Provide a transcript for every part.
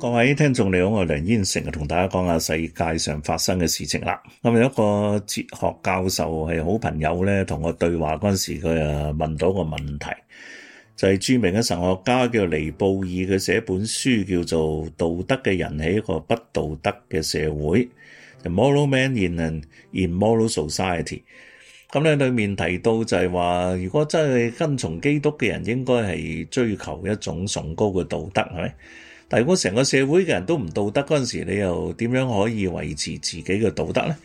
各位聽眾你好，我係梁燕成同大家講下世界上發生嘅事情啦。咁有一個哲學教授係好朋友咧，同我對話嗰陣時，佢啊問到個問題，就係、是、著名嘅神學家叫尼布爾，佢寫本書叫做《道德嘅人係一個不道德嘅社會》（Moral Man in an Immoral Society）。咁你裏面提到就係話，如果真係跟從基督嘅人，應該係追求一種崇高嘅道德，係咪？但如果成個社會嘅人都唔道德嗰陣時候，你又點樣可以維持自己嘅道德呢？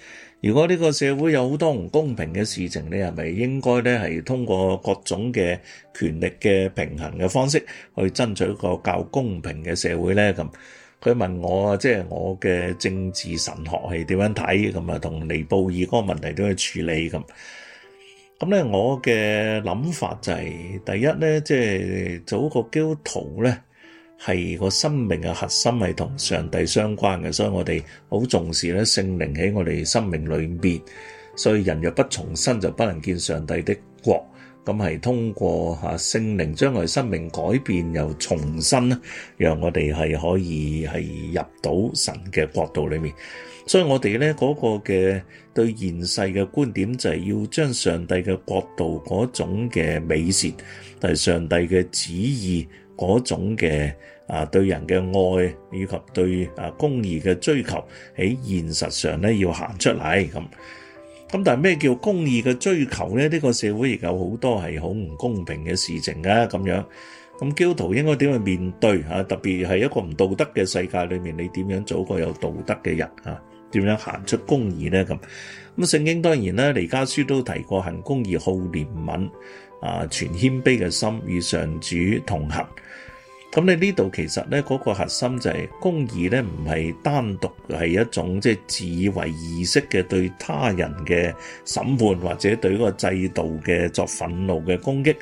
如果呢個社會有好多唔公平嘅事情，你係咪應該咧係通過各種嘅權力嘅平衡嘅方式去爭取一個較公平嘅社會呢？咁佢問我即係、就是、我嘅政治神學係點樣睇？咁啊，同尼布爾嗰個問題點樣處理咁？咁咧，我嘅諗法就係、是、第一咧，即、就、係、是、做一個基督徒咧。係個生命嘅核心係同上帝相關嘅，所以我哋好重視咧聖靈喺我哋生命裏面。所以人若不重生就不能見上帝的國。咁係通過吓聖靈，將我哋生命改變又重新，讓我哋係可以係入到神嘅國度裏面。所以我哋咧嗰個嘅對現世嘅觀點就係要將上帝嘅國度嗰種嘅美善同、就係、上帝嘅旨意。嗰種嘅啊，對人嘅愛以及對啊公義嘅追求，喺現實上咧要行出嚟咁。咁但係咩叫公義嘅追求咧？呢個社會亦有好多係好唔公平嘅事情啊咁樣。咁基督徒應該點去面對嚇？特別係一個唔道德嘅世界裏面，你點樣做個有道德嘅人啊？點樣行出公義咧咁？咁聖經當然啦，彌迦書都提過行公義好年、好憐憫。啊！全謙卑嘅心與上主同行，咁你呢度其實咧嗰個核心就係公義咧，唔係單獨係一種即係自以為意識嘅對他人嘅審判，或者對嗰個制度嘅作憤怒嘅攻擊，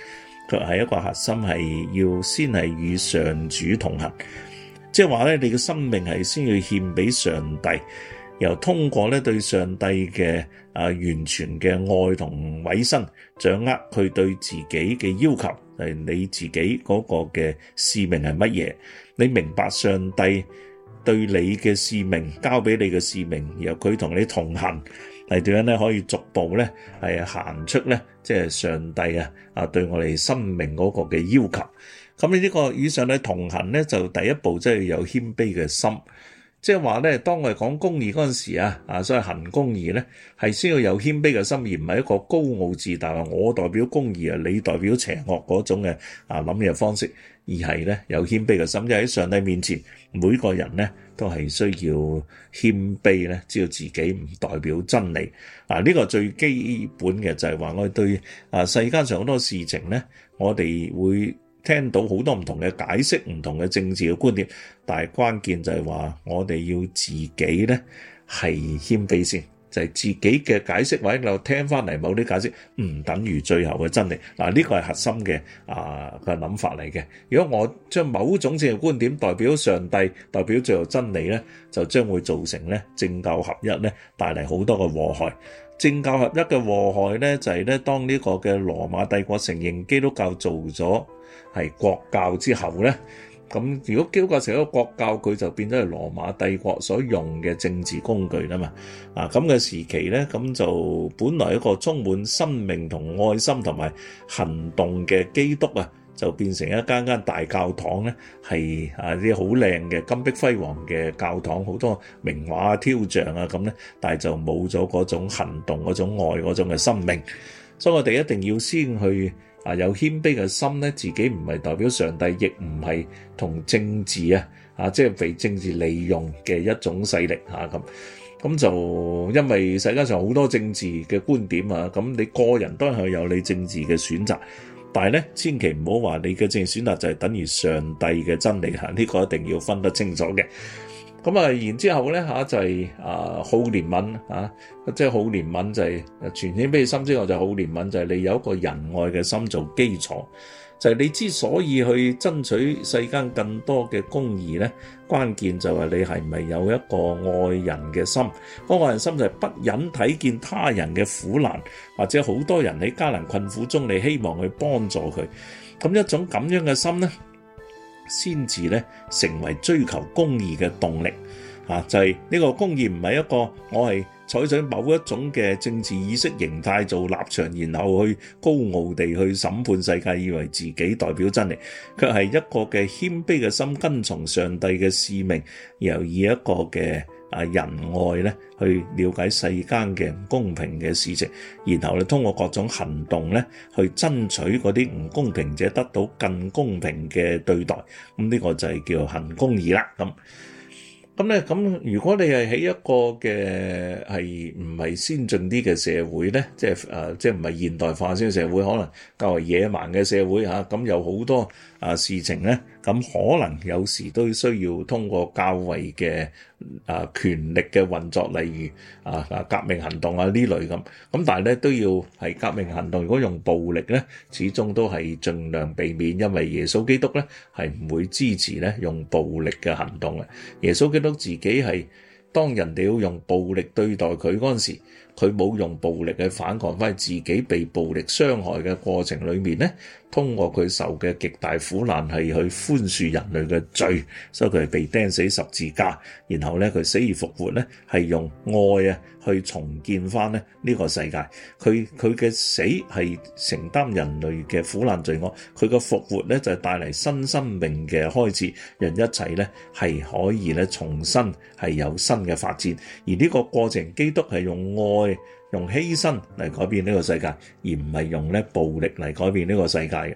佢係一個核心係要先係與上主同行，即係話咧你嘅生命係先要獻俾上帝，又通過咧對上帝嘅。啊！完全嘅愛同委身，掌握佢對自己嘅要求，就是、你自己嗰個嘅使命係乜嘢？你明白上帝對你嘅使命，交俾你嘅使命，由佢同你同行，係點樣咧？可以逐步咧行出咧，即、就、係、是、上帝啊！啊，對我哋生命嗰個嘅要求。咁你呢個以上咧同行咧，就第一步即係有謙卑嘅心。即係話咧，當我哋講公義嗰陣時啊，啊，所謂行公義咧，係先要有謙卑嘅心意，而唔係一個高傲自大話我代表公義啊，你代表邪惡嗰種嘅啊諗嘅方式，而係咧有謙卑嘅心意，就喺上帝面前，每個人咧都係需要謙卑咧，知道自己唔代表真理啊，呢個最基本嘅就係話我對啊世間上好多事情咧，我哋會。聽到好多唔同嘅解釋，唔同嘅政治嘅觀點，但係關鍵就係話我哋要自己咧係謙卑先，就係、是、自己嘅解釋，或者我聽翻嚟某啲解釋唔等於最後嘅真理。嗱、啊，呢、這個係核心嘅啊個諗法嚟嘅。如果我將某種政治觀點代表上帝，代表最後真理咧，就將會造成咧政教合一咧，帶嚟好多嘅禍害。政教合一嘅禍害咧，就係、是、咧當呢個嘅羅馬帝國承認基督教做咗係國教之後咧，咁如果基督教成一個國教，佢就變咗係羅馬帝國所用嘅政治工具啦嘛。啊，咁嘅時期咧，咁就本來一個充滿生命同愛心同埋行動嘅基督啊。就變成一間間大教堂呢，係，呃，啲好靚嘅，金碧輝煌嘅教堂，好多名畫啊，雕像啊，咁呢，但係就冇咗嗰種行動，嗰種愛，嗰種嘅生命。所以我哋一定要先去，呃，有謙卑嘅心呢，自己唔係代表上帝亦唔係同政治啊，即係被政治利用嘅一種勢力啊，咁。咁就，因為世界上有好多政治嘅觀點啊，咁你個人都係有你政治嘅選擇，但係咧，千祈唔好話你嘅政治選擇就係等於上帝嘅真理呢，啊呢個一定要分得清楚嘅。咁啊，然之後咧就係、是、啊好憐憫啊，即係好憐憫就係傳喺你心之外就好憐憫，就係你有一個仁愛嘅心做基礎。就係你之所以去爭取世間更多嘅公義咧，關鍵就係你係咪有一個愛人嘅心？嗰個愛人心就係不忍睇見他人嘅苦難，或者好多人喺艱難困苦中，你希望去幫助佢。咁一種咁樣嘅心咧，先至咧成為追求公義嘅動力。啊，就係呢個公義唔係一個，我係採取某一種嘅政治意識形態做立場，然後去高傲地去審判世界，以為自己代表真理，卻係一個嘅謙卑嘅心，跟從上帝嘅使命，然後以一個嘅啊仁愛咧去了解世間嘅唔公平嘅事情，然後咧通過各種行動咧去爭取嗰啲唔公平者得到更公平嘅對待，咁呢個就係叫行公義啦咁。咁咧，咁如果你係喺一個嘅係唔係先進啲嘅社會咧，即係、啊、即係唔係現代化先嘅社會，可能較為野蠻嘅社會嚇，咁、啊、有好多啊事情咧。咁可能有時都需要通過教會嘅啊權力嘅運作，例如啊啊革命行動啊呢類咁。咁但係咧都要係革命行動，如果用暴力咧，始終都係盡量避免，因為耶穌基督咧係唔會支持咧用暴力嘅行動嘅。耶穌基督自己係當人哋要用暴力對待佢嗰陣時。佢冇用暴力去反抗，翻自己被暴力傷害嘅過程裏面咧，通過佢受嘅極大苦難係去寬恕人類嘅罪，所以佢係被釘死十字架，然後咧佢死而復活咧係用愛啊去重建翻咧呢個世界。佢佢嘅死係承擔人類嘅苦難罪惡，佢嘅復活咧就帶嚟新生命嘅開始，人一切咧係可以咧重新係有新嘅發展，而呢個過程基督係用愛。用犧牲嚟改變呢個世界，而唔係用咧暴力嚟改變呢個世界嘅。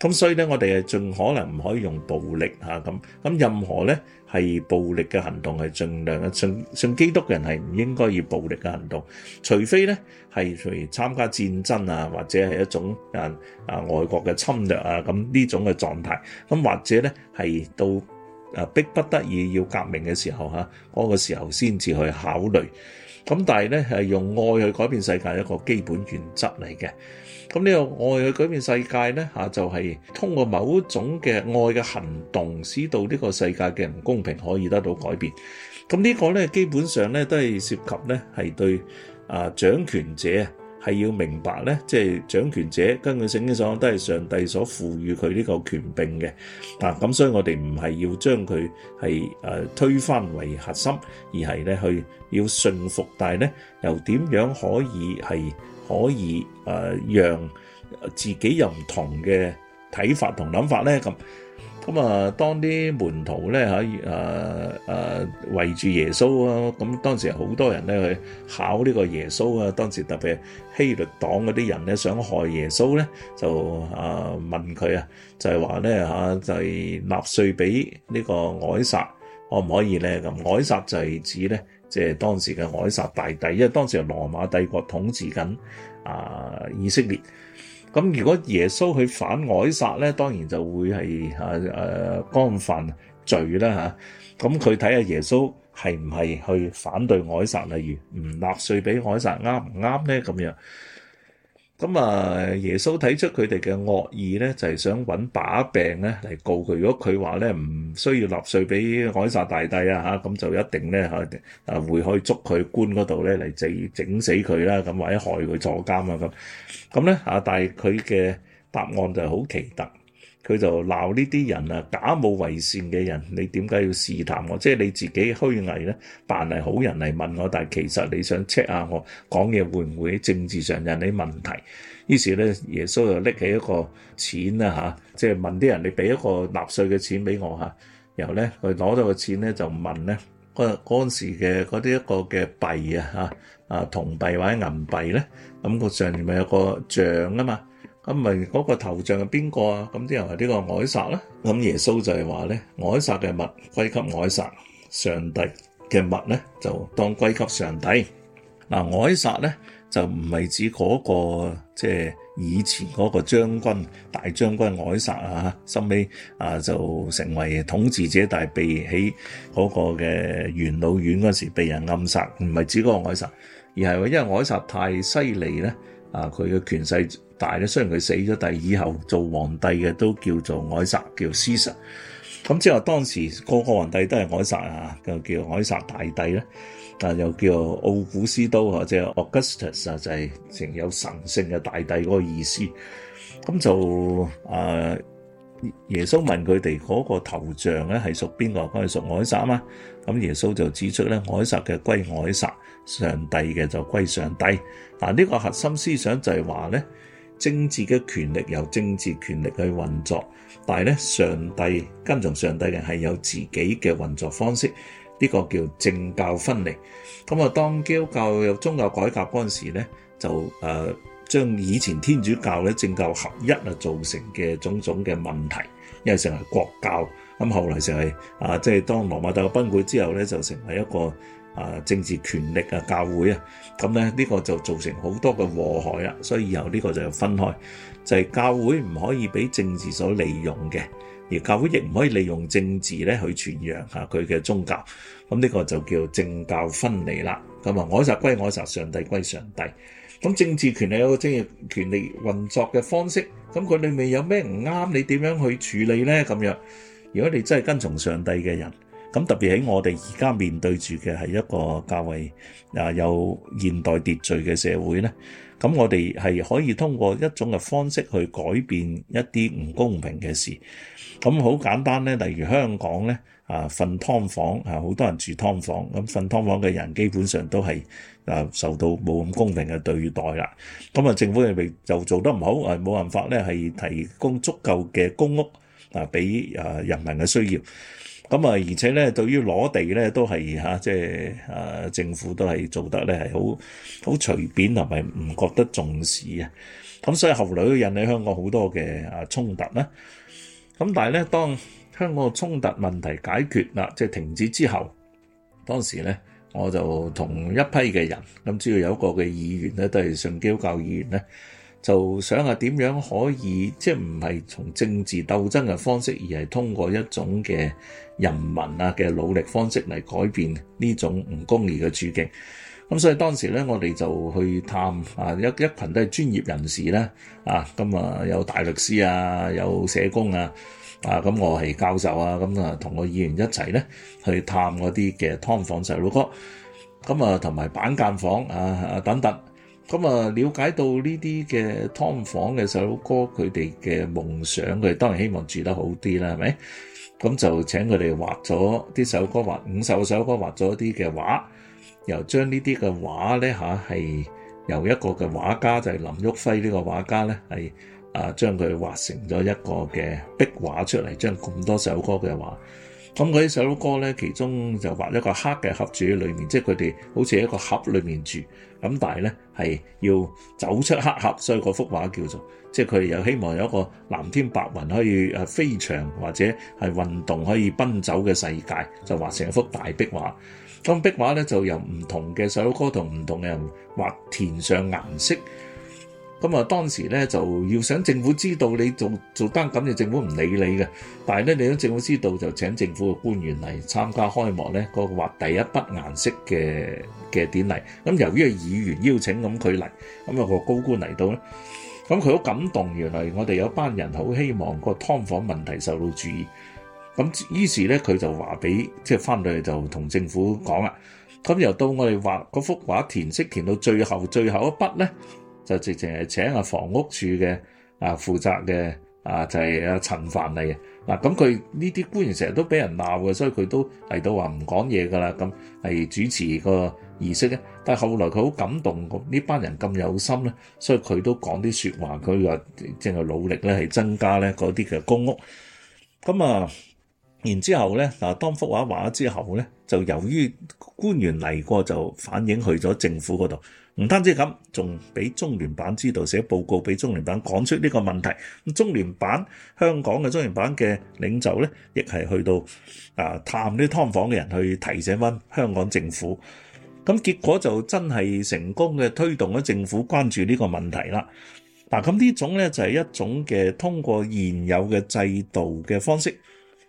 咁所以咧，我哋係盡可能唔可以用暴力吓咁。咁任何咧係暴力嘅行動係盡量嘅。信信基督嘅人係唔應該以暴力嘅行動，除非咧係譬如參加戰爭啊，或者係一種誒啊外國嘅侵略啊，咁呢種嘅狀態。咁或者咧係到。啊，迫不得已要革命的時候吓，嗰個時候先至去考慮。咁但是呢，係用愛去改變世界一個基本原則嚟嘅。咁呢個愛去改變世界咧吓，就係通過某種嘅愛嘅行動，使到呢個世界嘅唔公平可以得到改變。而這個呢，基本上呢，都是涉及呢，是對，呃，掌權者係要明白咧，即係掌權者根據聖經所講，都係上帝所賦予佢呢個權柄嘅。嗱，咁所以我哋唔係要將佢係誒推翻為核心，而係咧去要信服。但係咧，又點樣可以係可以誒讓自己有唔同嘅睇法同諗法咧？咁。咁啊，當啲門徒咧喺誒誒圍住耶穌啊，咁當時好多人咧去考呢個耶穌啊。當時特別係希律黨嗰啲人咧想害耶穌咧，就啊問佢、就是、啊，就係話咧嚇，就係納稅俾呢個凱撒可唔可以咧？咁凱撒就係指咧，即係當時嘅凱撒大帝，因為當時係羅馬帝國統治緊啊以色列。咁如果耶穌去反凱撒咧，當然就會係嚇誒幹犯罪啦嚇。咁佢睇下耶穌係唔係去反對凱撒，例如唔納稅俾凱撒啱唔啱咧，咁樣。對。咁啊，耶穌睇出佢哋嘅惡意咧，就係想揾把柄咧嚟告佢。如果佢話咧唔需要納稅俾凱撒大帝啊嚇，咁就一定咧嚇啊會可以捉佢官嗰度咧嚟整整死佢啦，咁或者害佢坐監啊咁。咁咧嚇，但係佢嘅答案就好奇特。佢就鬧呢啲人啊，假冒為善嘅人，你點解要試探我？即係你自己虛偽咧，扮係好人嚟問我，但係其實你想 check 下我講嘢會唔會喺政治上引起問題？於是咧，耶穌就拎起一個錢啊，即係問啲人你俾一個納稅嘅錢俾我啊。」然後咧佢攞咗個錢咧就問咧嗰嗰陣時嘅嗰啲一個嘅幣啊嚇啊銅幣或者銀幣咧，咁個上面咪有個像啊嘛？咁咪嗰個頭像係邊個啊？咁啲人話呢個凱撒啦。咁耶穌就係話咧，凱撒嘅物歸給凱撒，上帝嘅物咧就當歸給上帝。嗱、呃，凱撒咧就唔係指嗰、那個即係、就是、以前嗰個將軍大將軍凱撒啊，後尾啊就成為統治者，但係被喺嗰個嘅元老院嗰時被人暗殺，唔係指嗰個凱撒，而係話因為凱撒太犀利咧，啊佢嘅權勢。大咧，雖然佢死咗，但係以後做皇帝嘅都叫做凱撒，叫施神。咁之後當時個個皇帝都係凱撒啊，就叫凱撒大帝咧。但又叫奧古斯都啊，即係 Augustus 啊，就係成有神聖嘅大帝嗰個意思。咁就啊，耶穌問佢哋嗰個頭像咧係屬邊個？佢係屬凱撒嘛？咁耶穌就指出咧，凱撒嘅歸凱撒，上帝嘅就歸上帝。但呢個核心思想就係話咧。政治嘅權力由政治權力去運作，但係咧上帝跟從上帝嘅係有自己嘅運作方式，呢、這個叫政教分離。咁啊，當基督教有宗教改革嗰陣時咧，就誒、呃、將以前天主教咧政教合一啊造成嘅種種嘅問題，因為成為國教，咁後嚟就係、是、啊，即、就、係、是、當羅馬帝國崩潰之後咧，就成為一個。啊，政治權力啊，教會啊，咁咧呢個就造成好多嘅禍害啦，所以以後呢個就要分開，就係教會唔可以俾政治所利用嘅，而教會亦唔可以利用政治咧去傳揚下佢嘅宗教，咁呢個就叫政教分離啦。咁啊，凱撒歸凱撒，上帝歸上帝。咁政治權力有個政治權力運作嘅方式，咁佢裏面有咩唔啱，你點樣去處理咧？咁樣，如果你真係跟從上帝嘅人。咁特別喺我哋而家面對住嘅係一個較為啊，有現代秩序嘅社會咧，咁我哋係可以通過一種嘅方式去改變一啲唔公平嘅事。咁好簡單咧，例如香港咧啊，瞓劏房啊，好多人住劏房，咁瞓劏房嘅人基本上都係啊受到冇咁公平嘅對待啦。咁啊，政府亦未就做得唔好，啊冇辦法咧，係提供足夠嘅公屋啊，俾啊人民嘅需要。咁啊，而且咧，對於攞地咧，都係嚇，即係誒，政府都係做得咧，係好好隨便，同埋唔覺得重視啊。咁所以後來都引起香港好多嘅啊衝突啦。咁但係咧，當香港衝突問題解決啦，即係停止之後，當時咧，我就同一批嘅人咁，只要有一個嘅議員咧，都係信基督教議員咧。就想啊，點樣可以即係唔係從政治鬥爭嘅方式，而係通過一種嘅人民啊嘅努力方式嚟改變呢種唔公義嘅處境。咁所以當時咧，我哋就去探啊，一一群都係專業人士咧，啊，咁啊有大律師啊，有社工啊，啊，咁我係教授啊，咁啊同個議員一齊咧去探嗰啲嘅劏房細佬哥，咁啊同埋板間房啊等等。咁啊，了解到呢啲嘅劏房嘅細佬哥，佢哋嘅夢想，佢哋當然希望住得好啲啦，係咪？咁就請佢哋畫咗啲首歌，畫五首首歌，畫咗啲嘅畫，又將呢啲嘅畫咧吓，係由一個嘅畫家，就係林旭輝呢個畫家咧，係啊將佢畫成咗一個嘅壁畫出嚟，將咁多細佬哥嘅畫。咁佢啲細佬哥咧，其中就畫一個黑嘅盒住喺裏面，即係佢哋好似喺一個盒裏面住。咁但係咧，係要走出黑盒，所以嗰幅畫叫做，即係佢又希望有一個藍天白雲可以誒飛翔，或者係運動可以奔走嘅世界，就畫成一幅大壁畫。咁壁畫咧就由唔同嘅細佬哥同唔同嘅人畫填上顏色。咁啊，當時咧就要想政府知道你做做單咁，政府唔理你嘅。但係咧，你想政府知道就請政府嘅官員嚟參加開幕咧，個畫第一筆顏色嘅嘅典禮。咁由於係議員邀請咁佢嚟，咁、那、啊個高官嚟到咧，咁佢好感動。原來我哋有班人好希望個劏房問題受到注意。咁於是咧佢就話俾，即係翻到嚟就同政府講啦。咁由到我哋畫嗰幅畫填色填到最後最後一筆咧。就直情係請阿房屋處嘅啊負責嘅啊就係、是、阿陳帆嚟嘅嗱，咁佢呢啲官員成日都俾人鬧嘅，所以佢都嚟到話唔講嘢噶啦，咁係主持個儀式咧。但係後來佢好感動，呢班人咁有心咧，所以佢都講啲說話，佢話正係努力咧係增加咧嗰啲嘅公屋。咁啊，然之後咧嗱，當幅畫畫咗之後咧，就由於官員嚟過就反映去咗政府嗰度。唔單止咁，仲俾中聯辦知道，寫報告俾中聯辦，講出呢個問題。咁中聯辦，香港嘅中聯辦嘅領袖咧，亦係去到啊探呢啲劏房嘅人，去提醒返香港政府。咁結果就真係成功嘅推動咗政府關注呢個問題啦。嗱咁呢種咧就係一種嘅通過現有嘅制度嘅方式，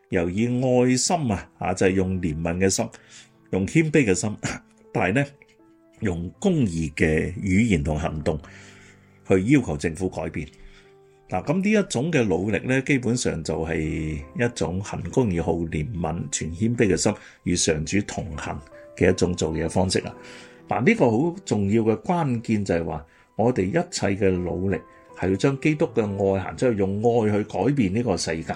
由以愛心啊啊就係用憐憫嘅心，用謙卑嘅心，但係咧。用公義嘅語言同行動去要求政府改變。嗱，咁呢一種嘅努力咧，基本上就係一種行公義、好憐憫、存謙卑嘅心，與上主同行嘅一種做嘢方式啦。嗱，呢個好重要嘅關鍵就係話，我哋一切嘅努力係要將基督嘅愛行出去，就是，用愛去改變呢個世界。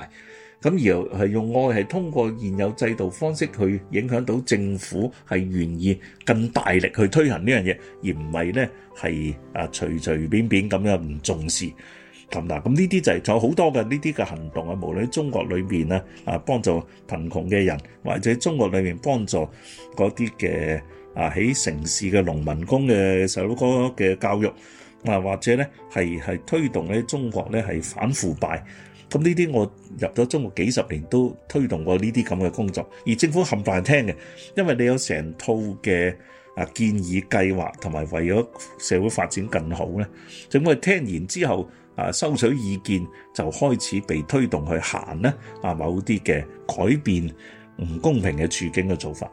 咁而係用愛係通過現有制度方式去影響到政府係願意更大力去推行呢樣嘢，而唔係咧係啊隨隨便便咁樣唔重視。咁嗱，咁呢啲就係仲有好多嘅呢啲嘅行動啊，無論中國裏面啊啊幫助貧窮嘅人，或者中國裏面幫助嗰啲嘅啊喺城市嘅農民工嘅細路哥嘅教育啊，或者咧係係推動咧中國咧係反腐敗。咁呢啲我入咗中國幾十年都推動過呢啲咁嘅工作，而政府冚唪唥聽嘅，因為你有成套嘅啊建議計劃，同埋為咗社會發展更好咧，政府聽完之後啊收取意見就開始被推動去行咧啊某啲嘅改變唔公平嘅處境嘅做法。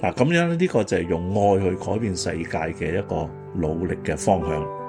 嗱咁樣呢個就係用愛去改變世界嘅一個努力嘅方向。